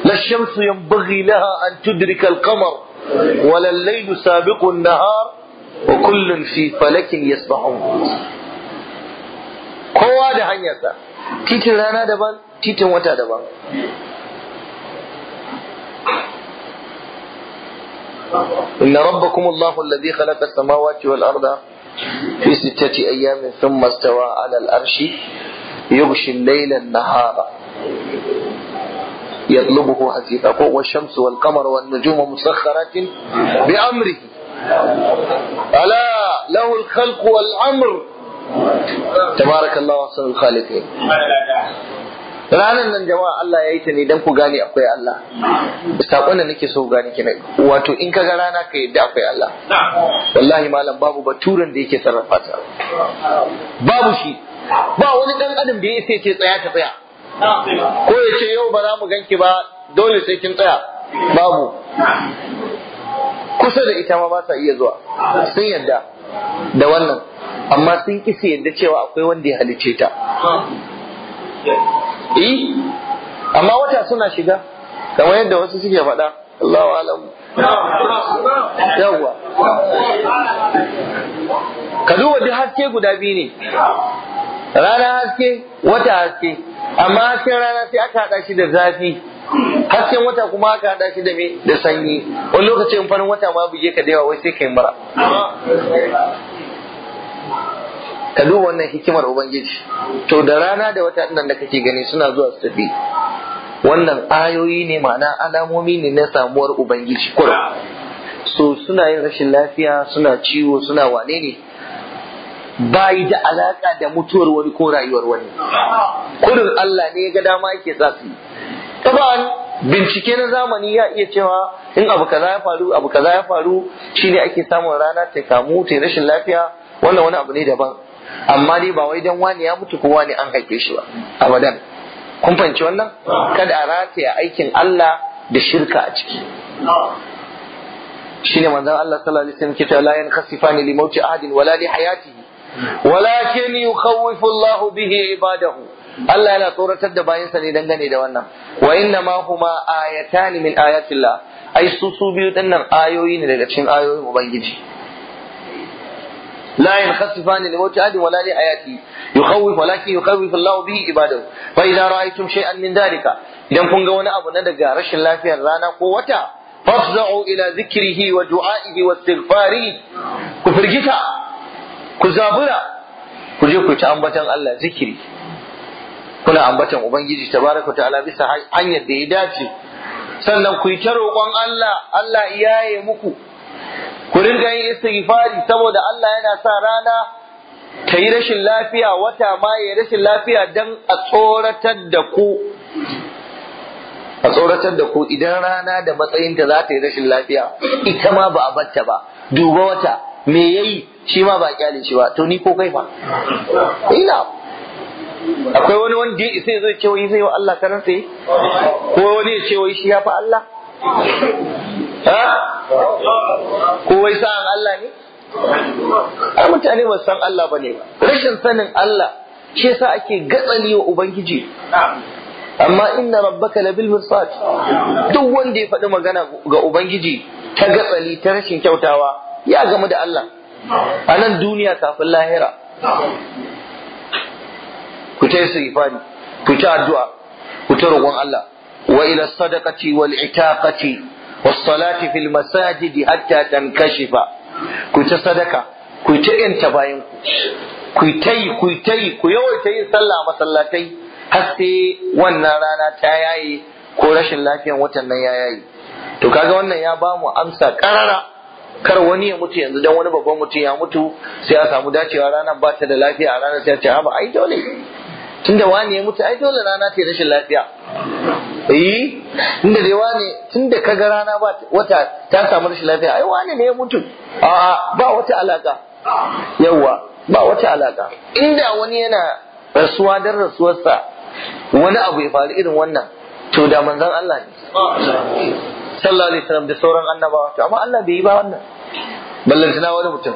لا الشمس ينبغي لها أن تدرك القمر ولا الليل سابق النهار وكل في فلك يسبحون كوا ده hanyarsa تيتن رانا دبان تيتن وتا دبان إن ربكم الله الذي خلق السماوات والأرض في ستة أيام ثم استوى على الأرش يغشي الليل النهار يطلبه حثيثا والشمس والقمر والنجوم مسخرات بأمره ألا له الخلق والأمر تبارك الله أحسن الخالقين ranan nan jama'a Allah ya yi ta ne dan ku gane akwai Allah sakon da nake so gane kina wato in ka ga rana ka yadda akwai Allah wallahi malam babu baturan da yake sarrafa ta babu shi ba wani dan adam da ya isa ce tsaya ta tsaya ko ya ce yau ba za mu ganki ba dole sai kin tsaya babu kusa da ita ma ba sa iya zuwa sun yadda da wannan amma sun ki su yadda cewa akwai wanda ya halice ta eh amma wata suna shiga kamar yadda wasu suke faɗa Allahu alam yawwa ka duba da haske guda biyu ne rana haske wata haske amma hasken rana sai aka haɗa shi da zafi hasken wata kuma aka hada shi da me da sanyi wani lokacin farin wata ma buge ka da yawa wai sai kai mura ka duba wannan hikimar ubangiji to da rana da wata nan da kake gani suna zuwa su tafi wannan ayoyi ne ma'ana alamomi ne na samuwar ubangiji kura so suna yin rashin lafiya suna ciwo suna wane ne bayi da alaka da mutuwar wani ko rayuwar wani kurin Allah ne ya ga dama yake sa su taban bincike na zamani ya iya cewa in abu kaza ya faru abu kaza ya faru shine ake samun rana ta kamu ta rashin lafiya wannan wani abu ne daban amma dai ba wai dan wani ya mutu ko wani an haife shi ba abadan kun fahimci wannan kada a rataya aikin Allah da shirka a ciki shine manzon Allah sallallahu alaihi wasallam kita la yanqasifani li mauti ahadin wala li hayatihi hmm. walakin yukhawwifu Allahu bihi ibadahu Allah yana tsoratar da bayansa ne dangane da wannan wa inna ma huma ayatan min ayatillah ai su su biyu dinnan ayoyi ne daga cikin ayoyin ubangiji wati adi wala li ayati yukhawif walakin yukhawif يخوف bi ibadahu fa idza ra'aytum shay'an min ذلك idan kun ga wani abu na daga rashin lafiyar rana ko wata fasda'u ila zikrihi wa du'a'ihi wa istighfari ku firgita ku zabura ku je ku ci ambatan Allah zikiri kuna ambatan ubangiji tabaraka ta'ala bisa hanyar da ya dace sannan ku yi ta roƙon Allah Allah yi muku ku rinka yin istighfari saboda Allah yana sa rana ta yi rashin lafiya wata ma ya rashin lafiya dan a tsoratar da ku a tsoratar da ku idan rana da matsayinta za ta yi rashin lafiya ita ma ba a batta ba duba wata me yayi shi ma ba kyale shi ba to ni ko kai fa ina akwai wani wanda ya isa zai ce wai zai wa Allah karan sai ko wani ya ce wai shi ya fi Allah ha ko wai sa'an Allah ne a mutane ba san Allah ba ne ba rashin sanin Allah shi yasa ake gatsali wa ubangiji amma inna rabbaka labil mirsad duk wanda ya faɗi magana ga ubangiji ta gatsali ta rashin kyautawa ya gamu da Allah a nan duniya kafin lahira ku ta yi istighfari ku ta addu'a ku ta roƙon Allah wa ila sadaqati wal itaqati was salati fil masajid hatta tankashifa ku ta sadaka ku ta yanta bayan ku ku ta yi ku ta yi ku yawaita yin sallah masallatai har sai wannan rana ta yaye ko rashin lafiyar watan nan ya yaye to kaga wannan ya ba mu amsa karara kar wani ya mutu yanzu dan wani babban mutum ya mutu sai a samu dacewa ranar ba ta da lafiya a ranar sai a ce ba ai dole tunda wani ya mutu ai dole rana ta rashin lafiya eh tunda dai wani tunda kaga rana ba wata ta samu rashin lafiya ai wani ne ya mutu a'a ba wata alaka yawa ba wata alaka inda wani yana rasuwa dan rasuwarsa wani abu ya faru irin wannan to da manzon Allah ne sallallahu alaihi wasallam da sauran annabawa to amma Allah bai yi ba wannan tana wani mutum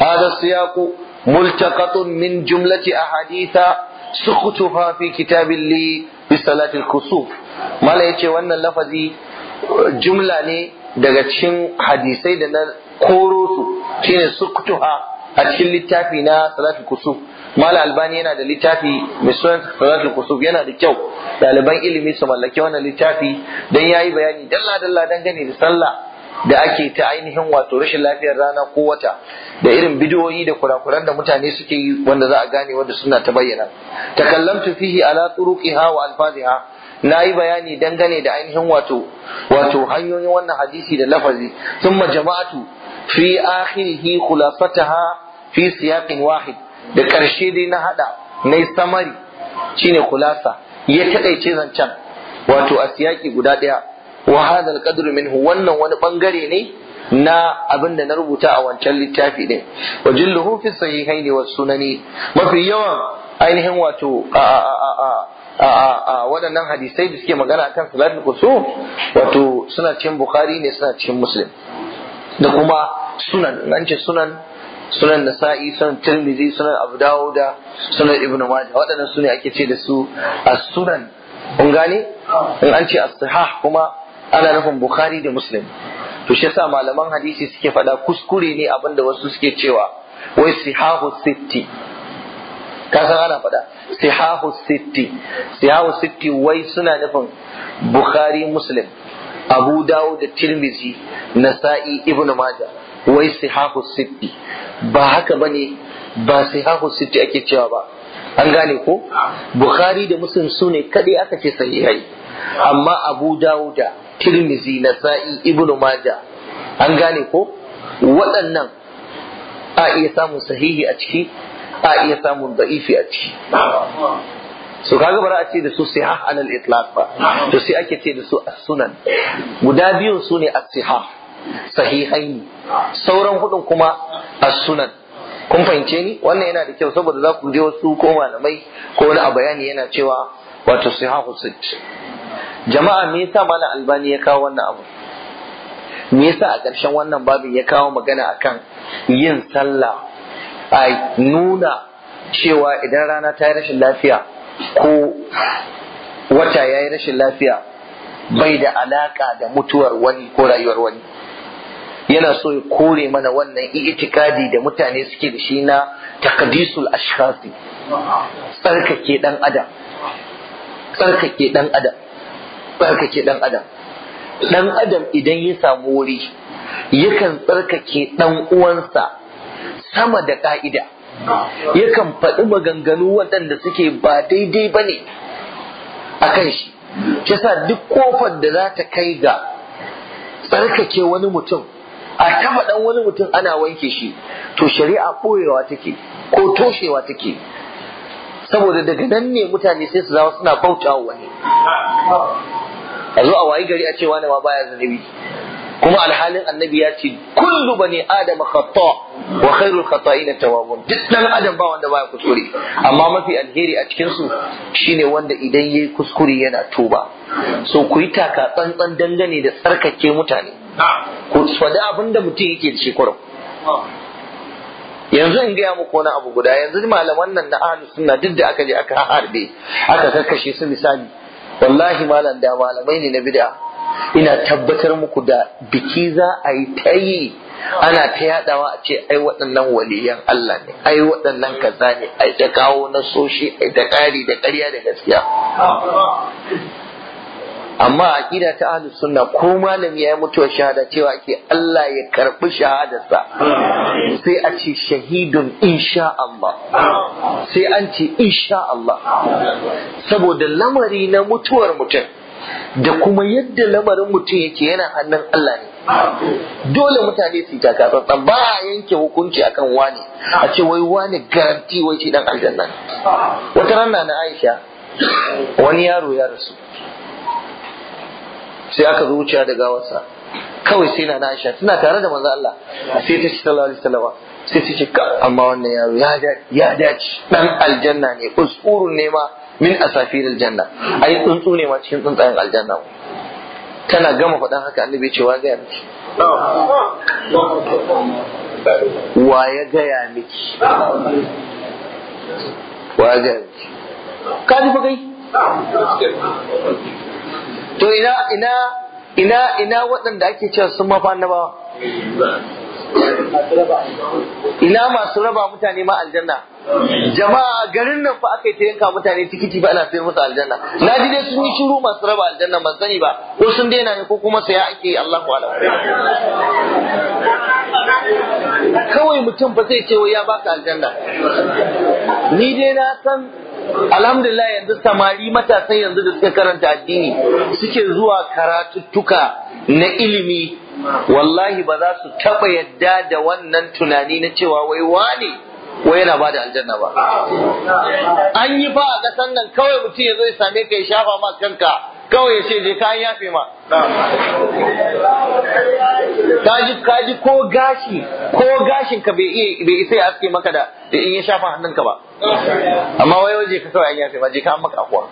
hada siyaqu multaqatun min jumlati ahaditha sukutuha fi kitabin li bi salatil kusuf mala yace wannan lafazi jumla ne daga cikin hadisai da na koro su shine sukutuha a cikin littafi na salatul kusuf mala albani yana da littafi mai sunan salatul kusuf yana da kyau ɗaliban ilimi su mallake wannan littafi dan yayi bayani dalla dalla dangane da sallah da ake ta ainihin wato rashin lafiyar rana ko wata da irin bidiyoyi da kurakuran da mutane suke yi wanda za a gane wanda suna ta bayyana takallamtu fihi ala turuqiha wa alfaziha na yi bayani dangane da ainihin wato wato hanyoyin wannan hadisi da lafazi thumma jama'atu fi akhirihi khulasataha fi siyaqin wahid da karshe dai na hada na samari shine kulasa ya taɗaice zancen wato a siyaki guda ɗaya wa hadha alqadr minhu wannan wani bangare ne na abin da na rubuta a wancan littafi din wa jilluhu fi sahihaini wa sunani mafi yawan ainihin wato a a a waɗannan hadisai da suke magana akan salatul kusuf wato suna cikin bukhari ne suna cikin muslim da kuma sunan in an ce sunan sunan nasa'i sunan tirmidhi sunan abu dawud sunan ibnu majah waɗannan su ake ce da su as-sunan kun gane in an ce as sahih kuma ana nufin bukhari da muslim to shi yasa malaman hadisi suke faɗa kuskure ne abinda wasu suke cewa wai sihahu sitti ka san ana faɗa sihahu sitti sihahu sitti wai suna nufin bukhari muslim abu dawo da tirmizi nasa'i ibnu maja wai sihahu sitti ba haka bane ba sihahu sitti ake cewa ba an gane ko bukhari da muslim sune kadai aka ce sahihai amma abu da. tirmizi na sa'i ibnu maja an gane ko waɗannan a iya samun sahihi a ciki a iya samun da'ifi a ciki su kaga bara a ce da su siha alal itlaq ba to sai ake ce da su as-sunan guda biyun su ne as-siha sahihaini sauran hudun kuma as-sunan kun fahimce ni wannan yana da kyau saboda za ku je wasu ko malamai ko wani a bayani yana cewa wato sihahu sit jama'a me yasa malam albani ya kawo wannan abu me yasa a ƙarshen wannan babin ya kawo magana akan yin sallah a nuna cewa idan rana ta yi rashin lafiya ko wata ya yi rashin lafiya bai da alaƙa da mutuwar wani ko rayuwar wani yana so ya kore mana wannan itikadi da mutane suke da shi na takadisul ashkhasi tsarkake dan adam barkake dan adam barkake dan adam dan adam idan ya samu wuri yakan tsarkake dan uwansa sama da ka'ida yakan faɗi maganganu waɗanda suke ba daidai ba ne a kan shi kisa duk kofar da za ta kai ga tsarkake wani mutum a ta ɗan wani mutum ana wanke shi to shari'a ɓoyewa take ko toshewa take saboda daga nan ne mutane sai su zama suna bauta wa wani a zo a wayi gari a cewa wani ma baya zanabi kuma alhalin annabi ya ce kullu bane adama khata wa khairul khata'in tawabun duk dan adam ba wanda baya kuskure amma mafi alheri a cikin su shine wanda idan yayi kuskure yana toba. so ku yi taka tsantsan dangane da tsarkake mutane ku faɗi abinda mutum yake da shekaru. yanzu in gaya muku wani abu guda yanzu malaman nan na ahlus sunna duk da aka je aka harbe aka karkashe su misali wallahi malam da malamai ne na bid'a ina tabbatar muku da biki za a yi ta yi ana ta yadawa a ce ai waɗannan waliyan Allah ne ai waɗannan kaza ne ai ta kawo na soshi ai ta ƙari da ƙarya da gaskiya amma a aqida ta ahlus sunna ko malami yayi mutuwar shahada cewa ke Allah ya karɓi shahadarsa sai a ce shahidun insha Allah sai an ce insha Allah saboda lamari na mutuwar mutum da kuma yadda lamarin mutum yake yana hannun Allah ne dole mutane su taka tsantsan ba a yanke hukunci akan wani a ce wai wani garanti wai shi dan aljanna wata ranna na Aisha wani yaro ya rasu sai aka zo wuciya da gawarsa kawai sai na Aisha tana tare da manzo Allah sai ta ce sallallahu alaihi wasallam sai ta ce amma wannan yaro ya ya dace dan aljanna ne usurun ne ma min asafir aljanna ai tsuntsu ne ma cikin tsuntsayen aljanna tana gama faɗan haka annabi ce wa gaya miki wa ya gaya miki wa ga miki ka ji fa kai to ina ina ina ina waɗanda ake cewa sun mafa annabawa ina masu raba mutane ma aljanna jama'a garin nan fa aka yi ta yanka mutane tikiti ba ana sayar musu aljanna na ji dai sun yi shiru masu raba aljanna ban sani ba ko sun daina ne ko kuma saya ake yi Allah kawai mutum ba zai ce wai ya baka aljanna ni dai na san alhamdulillah yanzu samari matasan yanzu da suka karanta addini suke zuwa karatuttuka na ilimi wallahi ba za su taɓa yadda da wannan tunani na cewa wai wane Wai yana ba da aljanna ba an yi fa a kasan nan kawai mutum ya zo ya same ka ya shafa ma kanka kawai ya ce je ka yafe ma kaji kaji ko gashi ko gashin ka bai isa ya aske maka da in ya shafa hannun ka ba amma wai waje ka kawai an yafe ma je ka maka akwa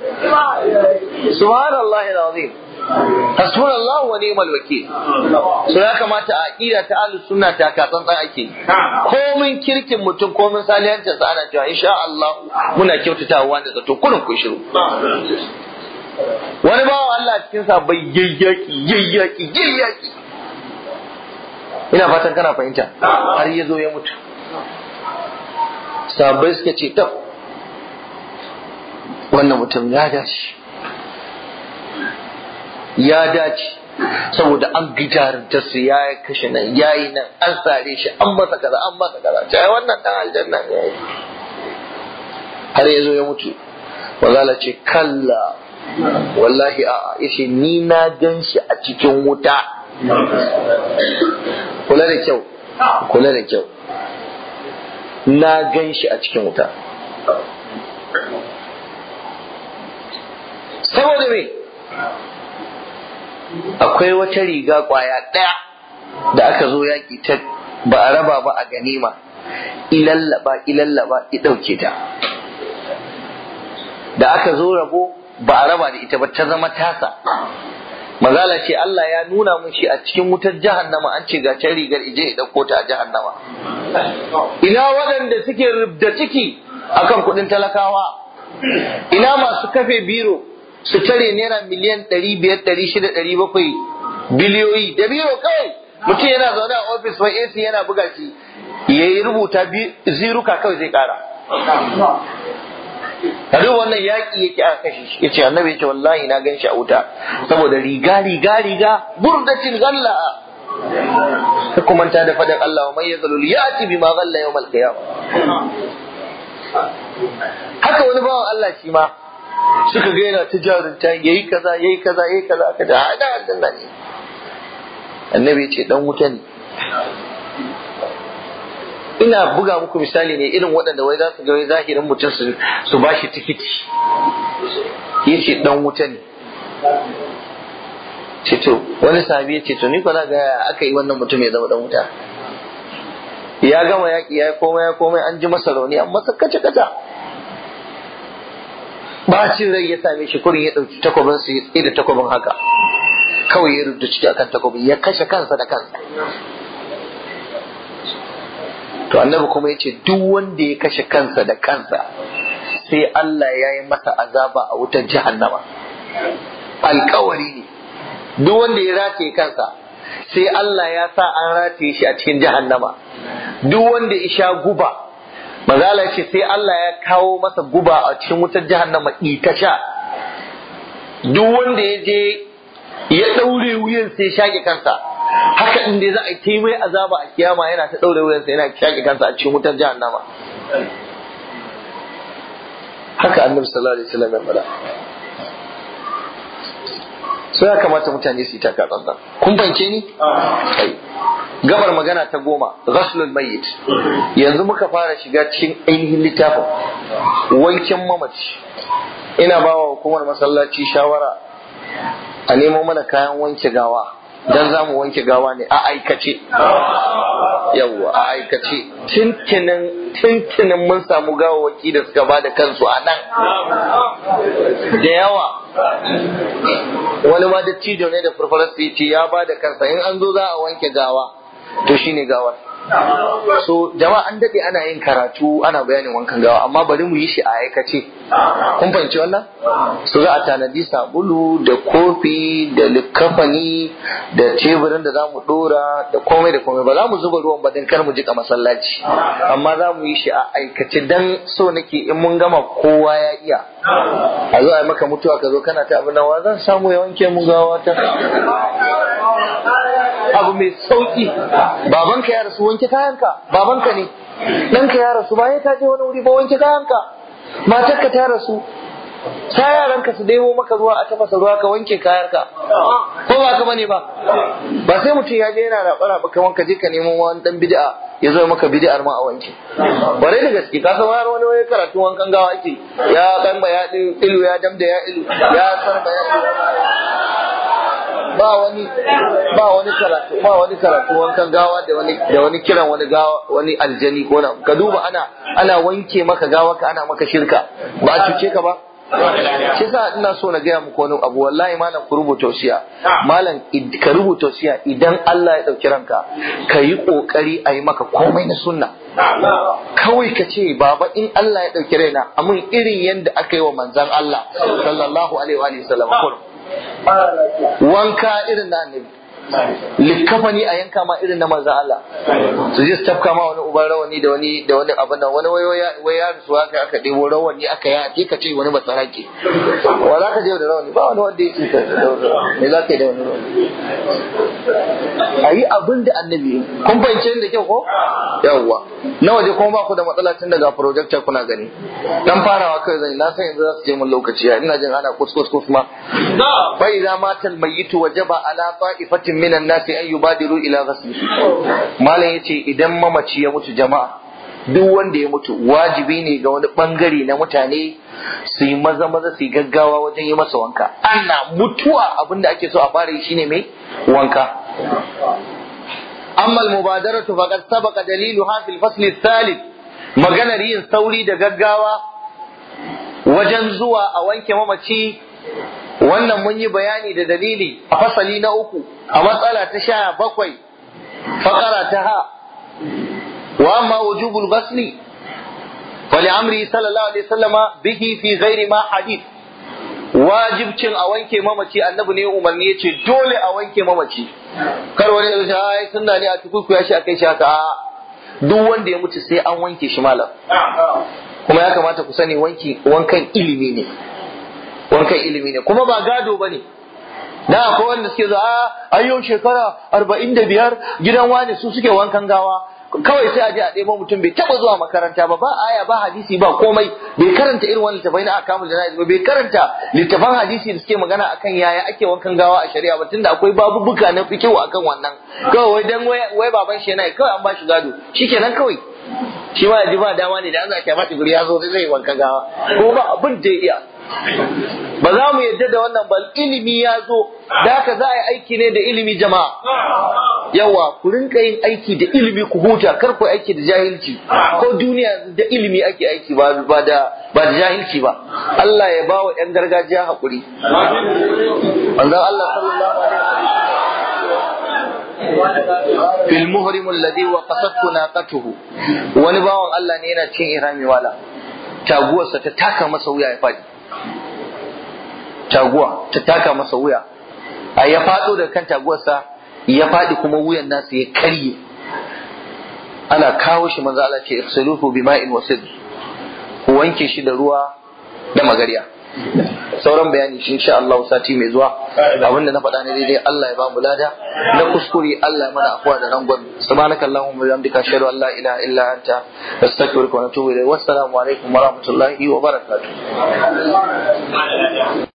subhanallahi alazim hasbunallahu wa ni'mal wakil so ya kamata a aqida ta ahlus sunna ta ka san ake komin kirkin mutum komin salihancin sa ana cewa insha Allah muna kyautatawa da zato kurin ku shiru wani ba Allah cikin sa bai yayyaki yayyaki yayyaki ina fatan kana fahimta har yazo ya mutu sabai suka ce tab wannan mutum ya dace ya dace saboda an da su ya kashe nan ya yi nan an sare shi an masa kaza an masa kaza ta wannan dan aljanna ya yi har ya zo ya mutu wazala ce kalla wallahi a'a yace ni na gan shi a cikin wuta kula da kyau kula da kyau na gan shi a cikin wuta saboda me akwai wata riga kwaya ɗaya da aka zo yaƙi ta ba a raba ba a ganima ilallaba ilallaba i ɗauke ta da aka zo rabo ba a raba da ita ba ta zama tasa mazala ce Allah ya nuna mun shi a cikin wutar jahannama an ce ga can rigar ije ya dauko ta a jahannama ina waɗanda suke rubda ciki akan kuɗin talakawa ina masu kafe biro su tare naira miliyan ɗari biyar ɗari shida ɗari bakwai biliyoyi da biro kawai mutum yana zaune a ofis mai AC yana buga shi ya yi rubuta ziruka kawai zai ƙara a duk wannan yaƙi yake a kashe shi ce annabi ce wallahi na gan shi a wuta saboda riga riga riga burdatin galla ta Hukumanta da faɗin Allah wa mai bi ma bima galla yawmal qiyamah haka wani bawan Allah shi ma suka ga yana ta jarunta yayi kaza yayi kaza yayi kaza aka da hada Allah ne annabi ce dan wuta ne ina buga muku misali ne irin waɗanda wai za su ga zahirin mutum su ba shi tikiti yace dan wuta ne ce to wani sahabi ya ce to ni kwana ga aka yi wannan mutum ya zama dan wuta ya gama yaƙi ya komai ya komai an ji masa rauni an masa kace kaca bacin rai ya same shi kurin ya dauki takobin su ya da takobin haka kawai ya rubuta ciki akan takobin ya kashe kansa da kansa to annabi kuma ya ce duk wanda ya kashe kansa da kansa sai Allah ya yi masa azaba a wutar jahannama alkawari ne duk wanda ya rataye kansa sai Allah ya sa an rataye shi a cikin jahannama duk wanda isha sha guba mazala ya ce sai Allah ya kawo masa guba a cikin wutar jahannama ita sha duk wanda ya je ya daure wuyan sai shaƙe kansa haka inda za a yi mai azaba a kiyama yana ta daure wuyan sai yana shaƙe kansa a cikin wutar jahannama haka annabi sallallahu alaihi wasallam ya faɗa so ya kamata mutane su yi taka tsantsan kun fahimce ni gabar magana ta goma ghaslul mayyit yanzu muka fara shiga cikin ainihin littafin wankin mamaci ina ba wa hukumar masallaci shawara a nemo mana kayan wanke gawa dan za mu wanke gawa ne a aikace yawwa a aikace tintinin tintinin mun samu gawawaki da suka bada kansu a nan da yawa wani ma dattijo ne da furfarar ya ba da kansa in an zo za a wanke gawa to shine gawar so jama'a an dade ana yin karatu ana bayanin wankan gawa amma bari mu yi shi a aikace kun fahimci wannan so za a tanadi sabulu da kofi da likafani da teburin da zamu dora da komai da komai ba za mu zuba ruwan ba dan kar mu jika masallaci amma za mu yi shi a aikace dan so nake in mun gama kowa ya iya a zo a maka mutuwa ka zo kana ta abin nan zan samu ya wanke mu gawa ta abu mai sauki babanka ya rasu wanke kayanka babanka ne ɗanka ya rasu baya ta je wani wuri ba wanke kayanka matarka ta rasu sa ka su daiwo maka ruwa a tafasa ruwa ka wanke kayanka ko ba ka bane ba ba sai mutum ya je yana raba raba kaman ka je ka nemo wani dan bid'a ya zo maka bid'ar ma a wanke bare da gaske ka san wani wani karatu wankan gawa ake ya dan ya ilu ya damda ya ilu ya sarba ya ba wani ba karatu wani karatu wankan gawa da wani kiran wani gawa wani aljani ko na ka duba ana wanke maka gawa ka ana maka shirka ba a cuce ka ba shi sa ina so na gaya muku wani abu wallahi malam ku rubuta wasiya malam ka rubuta wasiya idan Allah ya dauki ranka ka yi kokari a yi maka komai na sunna kawai ka ce baba in Allah ya dauki raina amin irin yanda aka yi wa manzan Allah sallallahu alaihi wa sallam wanka irin na ne likafani a yanka ma irin na manzan Allah su je su tafka ma wani uban rawani da wani da wani abin nan wani waya ya rusu haka aka ɗebo rawani aka ya ke ka ce wani ba sarake wa za ka je da rawani ba wani wanda yake ka me za ka yi da wani rawani a yi abin da annabi kun fahimce da kyau ko yawwa na waje kuma ba ku da matsala tun daga projector kuna gani dan farawa kai zan na san yanzu za su je mun lokaci ina jin ana kuskus kuma bai za matal mayyitu wajaba ala ta'ifatin minan nasi an yubadiru ila ghasli malam yace idan mamaci ya mutu jama'a duk wanda ya mutu wajibi ne ga wani bangare na mutane su yi maza maza su gaggawa wajen yi masa wanka ana mutuwa abin da ake so a fara yi shine mai wanka amma al-mubadaratu faqad sabaqa dalilu fil fasl ath-thalith maganar yin sauri da gaggawa wajen zuwa a wanke mamaci wannan mun yi bayani da dalili a fasali na uku a matsala ta sha bakwai fakara ta ha wa amma wujubul basli wa li amri sallallahu alaihi wasallama bihi fi ghairi ma hadith wajibcin a wanke mamaci annabi ne umarni ya ce dole a wanke mamaci kar wani ya ce sunna ne a ya shi akai shi haka duk wanda ya mutu sai an wanke shi malam kuma ya kamata ku sani wanki wankan ilimi ne wankan ilimi ne kuma ba gado ba ne na akwai wanda suke zuwa a ah, yau shekara arba'in da biyar gidan wani su suke wankan gawa kawai sai a je a ɗebo mutum bai taɓa zuwa makaranta ba ba aya ba hadisi ba komai bai karanta irin wani littafai na akamu da ba bai karanta littafan hadisi da suke magana akan yaya ake wankan gawa a shari'a ba tunda akwai babubuka na fikihu akan wannan kawai wai dan wai baban shi yana kawai an bashi gado shikenan kawai shi ma ya ji ba dama ne da an zaki ya fashi guri ya zo zai wankan gawa ko ba abin da ya iya ba za mu yadda da wannan bal ilimi ya zo da haka za a yi aiki ne da ilimi jama'a yawa ku rinka yin aiki da ilimi ku huta kar ku aiki da jahilci ko duniya da ilimi ake aiki ba da ba da jahilci ba Allah ya bawa yan gargajiya hakuri manzo Allah sallallahu alaihi wasallam fil alladhi naqatuhu wani bawan Allah ne yana cin irami wala taguwarsa ta taka masa wuya ya fadi taguwa ta taka masa wuya a ya faɗo da kan taguwarsa ya faɗi kuma wuyan nasa ya karye ana kawo shi manzo Allah ce ihsaluhu bima'in wasid ku wanke shi da ruwa da magariya sauran bayani shi insha Allah sati mai zuwa abinda na faɗa ne daidai Allah ya ba mu lada na kuskure Allah ya mana afuwa da rangon subhanakallahu wa bihamdika ashhadu an la ilaha illa anta astaghfiruka wa atubu ilayk wassalamu alaikum wa rahmatullahi wa barakatuh